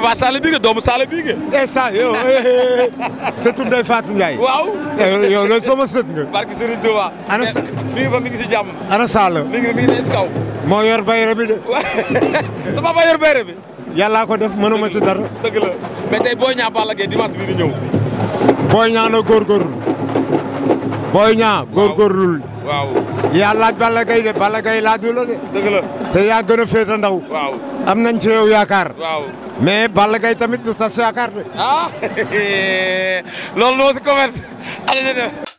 Papa Sall Bigué doomu Sall Bigué. eh Sall yow eh, eh, eh, sëtu Ndeye Fatou Ndiaye. waaw yow loolu sama sët nga. barke ana sa mi ngi fa si kaw. moo yor bayre bi de. sa yor bayre bi. yàllaa ko def mënuma ci dara. dëgg la mais tey Boy Niang Balla Gaye dimanche ñëw. Boy Niang na góorgóorlu. Boy Niang góorgóorlu. waaw yaa laaj Balla Gaye de Balla Gaye laaju la de. te yaa gën a féete ndaw. am nañ ci yaakaar. waaw mais Balla Gaye tamit du tas yaakaar de. ah loolu moo si commerce allez